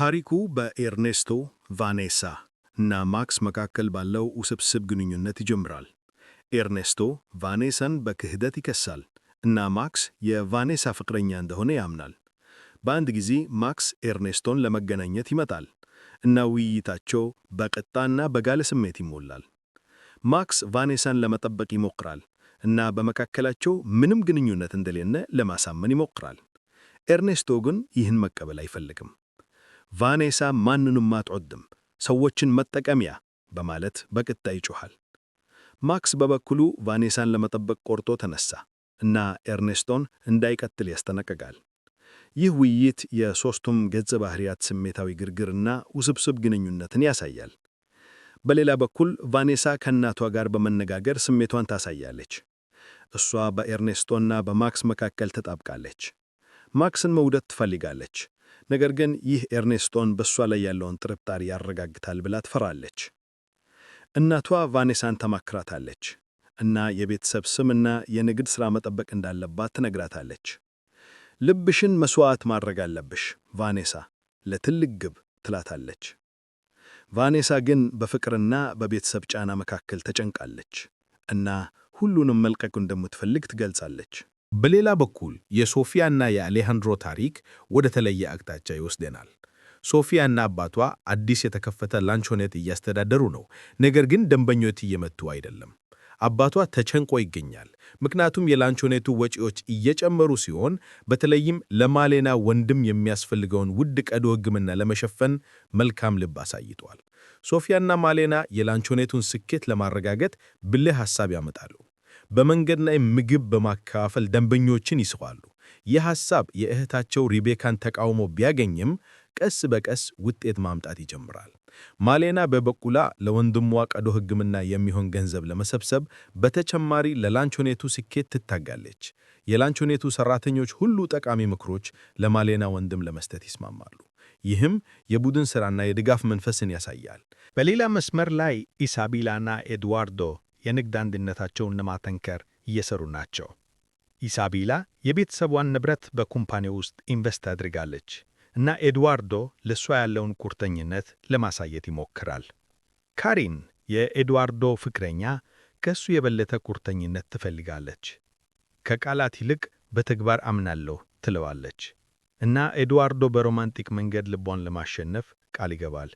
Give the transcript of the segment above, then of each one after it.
ታሪኩ በኤርኔስቶ ቫኔሳ እና ማክስ መካከል ባለው ውስብስብ ግንኙነት ይጀምራል። ኤርኔስቶ ቫኔሳን በክህደት ይከሳል እና ማክስ የቫኔሳ ፍቅረኛ እንደሆነ ያምናል። በአንድ ጊዜ ማክስ ኤርኔስቶን ለመገናኘት ይመጣል እና ውይይታቸው በቅጣና በጋለ ስሜት ይሞላል። ማክስ ቫኔሳን ለመጠበቅ ይሞክራል እና በመካከላቸው ምንም ግንኙነት እንደሌለ ለማሳመን ይሞክራል። ኤርኔስቶ ግን ይህን መቀበል አይፈልግም ቫኔሳ ማንንም አትወድም፣ ሰዎችን መጠቀሚያ በማለት በቅጥታ ይጮኋል። ማክስ በበኩሉ ቫኔሳን ለመጠበቅ ቆርጦ ተነሳ እና ኤርኔስቶን እንዳይቀጥል ያስጠነቅቃል። ይህ ውይይት የሦስቱም ገጸ ባህሪያት ስሜታዊ ግርግርና ውስብስብ ግንኙነትን ያሳያል። በሌላ በኩል ቫኔሳ ከእናቷ ጋር በመነጋገር ስሜቷን ታሳያለች። እሷ በኤርኔስቶና በማክስ መካከል ተጣብቃለች። ማክስን መውደድ ትፈልጋለች፣ ነገር ግን ይህ ኤርኔስቶን በእሷ ላይ ያለውን ጥርጣሬ ያረጋግታል ብላ ትፈራለች። እናቷ ቫኔሳን ተማክራታለች እና የቤተሰብ ስምና የንግድ ሥራ መጠበቅ እንዳለባት ትነግራታለች። ልብሽን መሥዋዕት ማድረግ አለብሽ ቫኔሳ፣ ለትልቅ ግብ ትላታለች። ቫኔሳ ግን በፍቅርና በቤተሰብ ጫና መካከል ተጨንቃለች እና ሁሉንም መልቀቅ እንደምትፈልግ ትገልጻለች። በሌላ በኩል የሶፊያና የአሌሃንድሮ ታሪክ ወደ ተለየ አቅጣጫ ይወስደናል። ሶፊያና አባቷ አዲስ የተከፈተ ላንቾኔት እያስተዳደሩ ነው። ነገር ግን ደንበኞች እየመጡ አይደለም። አባቷ ተጨንቆ ይገኛል። ምክንያቱም የላንቾኔቱ ወጪዎች እየጨመሩ ሲሆን፣ በተለይም ለማሌና ወንድም የሚያስፈልገውን ውድ ቀዶ ሕክምና ለመሸፈን መልካም ልብ አሳይቷል። ሶፊያና ማሌና የላንቾኔቱን ስኬት ለማረጋገጥ ብልህ ሐሳብ ያመጣሉ። በመንገድ ላይ ምግብ በማካፈል ደንበኞችን ይስባሉ። ይህ ሐሳብ የእህታቸው ሪቤካን ተቃውሞ ቢያገኝም ቀስ በቀስ ውጤት ማምጣት ይጀምራል። ማሌና በበቁላ ለወንድሟ ቀዶ ሕክምና የሚሆን ገንዘብ ለመሰብሰብ በተጨማሪ ለላንቾኔቱ ስኬት ትታጋለች። የላንቾኔቱ ሰራተኞች ሁሉ ጠቃሚ ምክሮች ለማሌና ወንድም ለመስጠት ይስማማሉ። ይህም የቡድን ሥራና የድጋፍ መንፈስን ያሳያል። በሌላ መስመር ላይ ኢሳቤላና ኤድዋርዶ የንግድ አንድነታቸውን ለማጠንከር እየሰሩ ናቸው። ኢሳቤላ የቤተሰቧን ንብረት በኩምፓኒው ውስጥ ኢንቨስት አድርጋለች እና ኤድዋርዶ ለእሷ ያለውን ቁርጠኝነት ለማሳየት ይሞክራል። ካሪን የኤድዋርዶ ፍቅረኛ ከእሱ የበለጠ ቁርጠኝነት ትፈልጋለች። ከቃላት ይልቅ በተግባር አምናለሁ ትለዋለች እና ኤድዋርዶ በሮማንቲክ መንገድ ልቧን ለማሸነፍ ቃል ይገባል።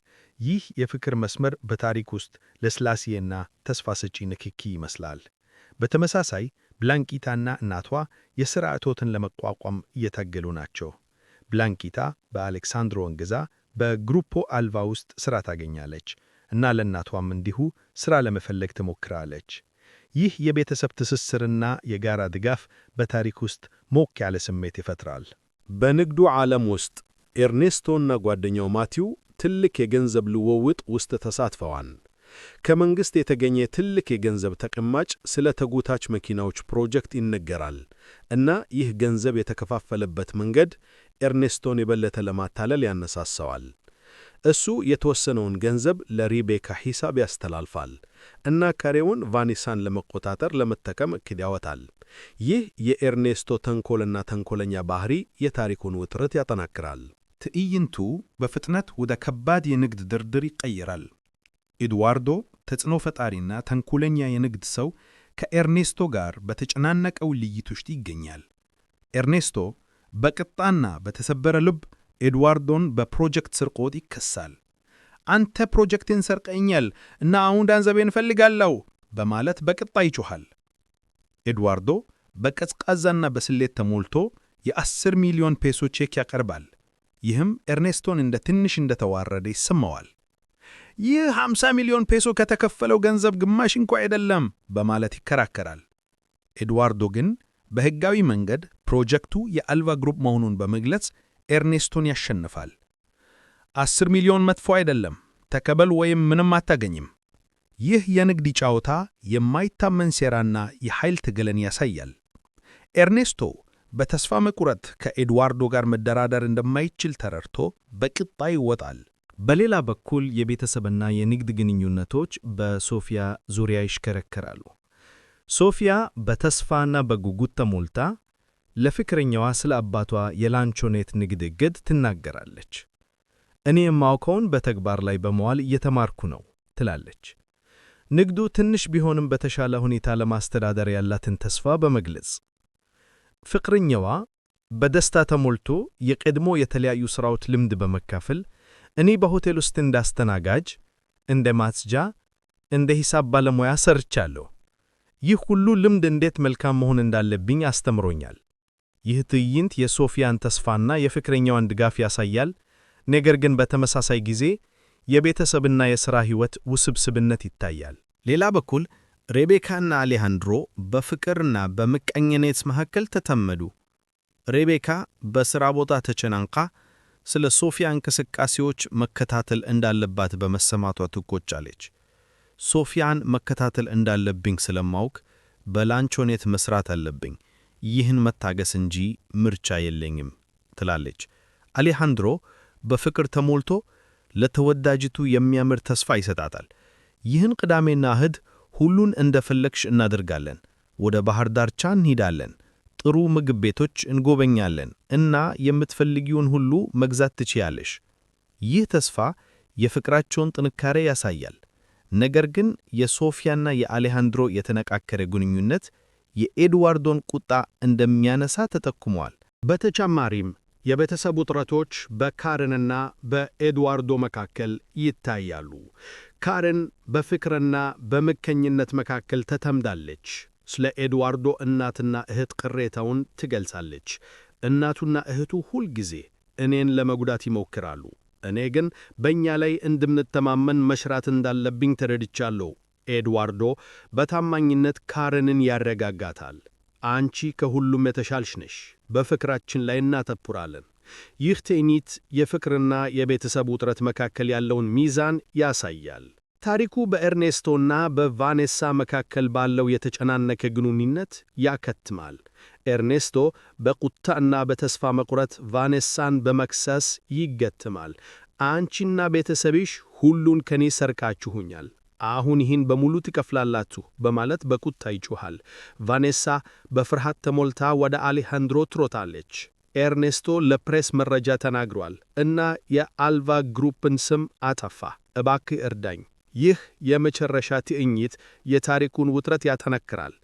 ይህ የፍቅር መስመር በታሪክ ውስጥ ለስላሴና ተስፋ ሰጪ ንክኪ ይመስላል። በተመሳሳይ ብላንኪታና እናቷ የሥራ እቶትን ለመቋቋም እየታገሉ ናቸው። ብላንኪታ በአሌክሳንድሮ ወንግዛ በግሩፖ አልቫ ውስጥ ሥራ ታገኛለች እና ለእናቷም እንዲሁ ሥራ ለመፈለግ ትሞክራለች። ይህ የቤተሰብ ትስስርና የጋራ ድጋፍ በታሪክ ውስጥ ሞቅ ያለ ስሜት ይፈጥራል። በንግዱ ዓለም ውስጥ ኤርኔስቶና ጓደኛው ማቲው ትልቅ የገንዘብ ልውውጥ ውስጥ ተሳትፈዋል። ከመንግሥት የተገኘ ትልቅ የገንዘብ ተቀማጭ ስለ ተጎታች መኪናዎች ፕሮጀክት ይነገራል እና ይህ ገንዘብ የተከፋፈለበት መንገድ ኤርኔስቶን የበለጠ ለማታለል ያነሳሰዋል። እሱ የተወሰነውን ገንዘብ ለሪቤካ ሂሳብ ያስተላልፋል እና ካሬውን ቫኒሳን ለመቆጣጠር ለመጠቀም እቅድ ያወጣል። ይህ የኤርኔስቶ ተንኮልና ተንኮለኛ ባህሪ የታሪኩን ውጥረት ያጠናክራል። ትዕይንቱ በፍጥነት ወደ ከባድ የንግድ ድርድር ይቀይራል። ኤድዋርዶ ተጽዕኖ ፈጣሪና ተንኮለኛ የንግድ ሰው ከኤርኔስቶ ጋር በተጨናነቀው ልይት ውስጥ ይገኛል። ኤርኔስቶ በቅጣና በተሰበረ ልብ ኤድዋርዶን በፕሮጀክት ስርቆት ይከሳል። አንተ ፕሮጀክትን ሰርቀኛል እና አሁን ገንዘቤን እፈልጋለሁ በማለት በቅጣ ይጮኋል። ኤድዋርዶ በቀዝቃዛና በስሌት ተሞልቶ የአስር ሚሊዮን ፔሶ ቼክ ያቀርባል። ይህም ኤርኔስቶን እንደ ትንሽ እንደተዋረደ ይሰማዋል። ይህ 50 ሚሊዮን ፔሶ ከተከፈለው ገንዘብ ግማሽ እንኳ አይደለም በማለት ይከራከራል። ኤድዋርዶ ግን በሕጋዊ መንገድ ፕሮጀክቱ የአልቫ ግሩፕ መሆኑን በመግለጽ ኤርኔስቶን ያሸንፋል። 10 ሚሊዮን መጥፎ አይደለም፣ ተከበል ወይም ምንም አታገኝም። ይህ የንግድ ጨዋታ የማይታመን ሴራና የኃይል ትግልን ያሳያል። ኤርኔስቶ በተስፋ መቁረጥ ከኤድዋርዶ ጋር መደራደር እንደማይችል ተረድቶ በቅጣ ይወጣል። በሌላ በኩል የቤተሰብና የንግድ ግንኙነቶች በሶፊያ ዙሪያ ይሽከረከራሉ። ሶፊያ በተስፋና በጉጉት ተሞልታ ለፍቅረኛዋ ስለ አባቷ የላንቾኔት ንግድ እግድ ትናገራለች። እኔ የማውቀውን በተግባር ላይ በመዋል እየተማርኩ ነው ትላለች። ንግዱ ትንሽ ቢሆንም በተሻለ ሁኔታ ለማስተዳደር ያላትን ተስፋ በመግለጽ ፍቅረኛዋ በደስታ ተሞልቶ የቀድሞ የተለያዩ ሥራዎች ልምድ በመካፈል እኔ በሆቴል ውስጥ እንዳስተናጋጅ፣ እንደ ማጽጃ፣ እንደ ሂሳብ ባለሙያ ሰርቻለሁ። ይህ ሁሉ ልምድ እንዴት መልካም መሆን እንዳለብኝ አስተምሮኛል። ይህ ትዕይንት የሶፊያን ተስፋና የፍቅረኛዋን ድጋፍ ያሳያል። ነገር ግን በተመሳሳይ ጊዜ የቤተሰብና የሥራ ሕይወት ውስብስብነት ይታያል። ሌላ በኩል ሬቤካና አሌሃንድሮ በፍቅርና በምቀኝነት መካከል ተተመዱ። ሬቤካ በሥራ ቦታ ተጨናንቃ ስለ ሶፊያ እንቅስቃሴዎች መከታተል እንዳለባት በመሰማቷ ትቆጫለች። ሶፊያን መከታተል እንዳለብኝ ስለማውቅ በላንቾኔት መሥራት አለብኝ፣ ይህን መታገስ እንጂ ምርጫ የለኝም ትላለች። አሌሃንድሮ በፍቅር ተሞልቶ ለተወዳጅቱ የሚያምር ተስፋ ይሰጣታል። ይህን ቅዳሜና እህድ ሁሉን እንደፈለግሽ እናደርጋለን። ወደ ባህር ዳርቻ እንሄዳለን። ጥሩ ምግብ ቤቶች እንጎበኛለን እና የምትፈልጊውን ሁሉ መግዛት ትችያለሽ። ይህ ተስፋ የፍቅራቸውን ጥንካሬ ያሳያል። ነገር ግን የሶፊያና የአሌሃንድሮ የተነቃከረ ግንኙነት የኤድዋርዶን ቁጣ እንደሚያነሳ ተጠቁመዋል። በተጨማሪም የቤተሰብ ውጥረቶች በካርንና በኤድዋርዶ መካከል ይታያሉ። ካርን በፍቅርና በምቀኝነት መካከል ተተምዳለች። ስለ ኤድዋርዶ እናትና እህት ቅሬታውን ትገልጻለች። እናቱና እህቱ ሁልጊዜ እኔን ለመጉዳት ይሞክራሉ፣ እኔ ግን በእኛ ላይ እንድምንተማመን መሥራት እንዳለብኝ ተረድቻለሁ። ኤድዋርዶ በታማኝነት ካርንን ያረጋጋታል። አንቺ ከሁሉም የተሻልሽ ነሽ፣ በፍቅራችን ላይ እናተኩራለን። ይህ ትዕይንት የፍቅርና የቤተሰብ ውጥረት መካከል ያለውን ሚዛን ያሳያል። ታሪኩ በኤርኔስቶና በቫኔሳ መካከል ባለው የተጨናነቀ ግንኙነት ያከትማል። ኤርኔስቶ በቁጣና በተስፋ መቁረጥ ቫኔሳን በመክሰስ ይገትማል። አንቺና ቤተሰብሽ ሁሉን ከኔ ሰርቃችሁኛል፣ አሁን ይህን በሙሉ ትከፍላላችሁ በማለት በቁጣ ይጮኻል። ቫኔሳ በፍርሃት ተሞልታ ወደ አሌሃንድሮ ትሮጣለች። ኤርኔስቶ ለፕሬስ መረጃ ተናግሯል እና የአልቫ ግሩፕን ስም አጠፋ። እባክህ እርዳኝ። ይህ የመጨረሻ ትዕይንት የታሪኩን ውጥረት ያተነክራል።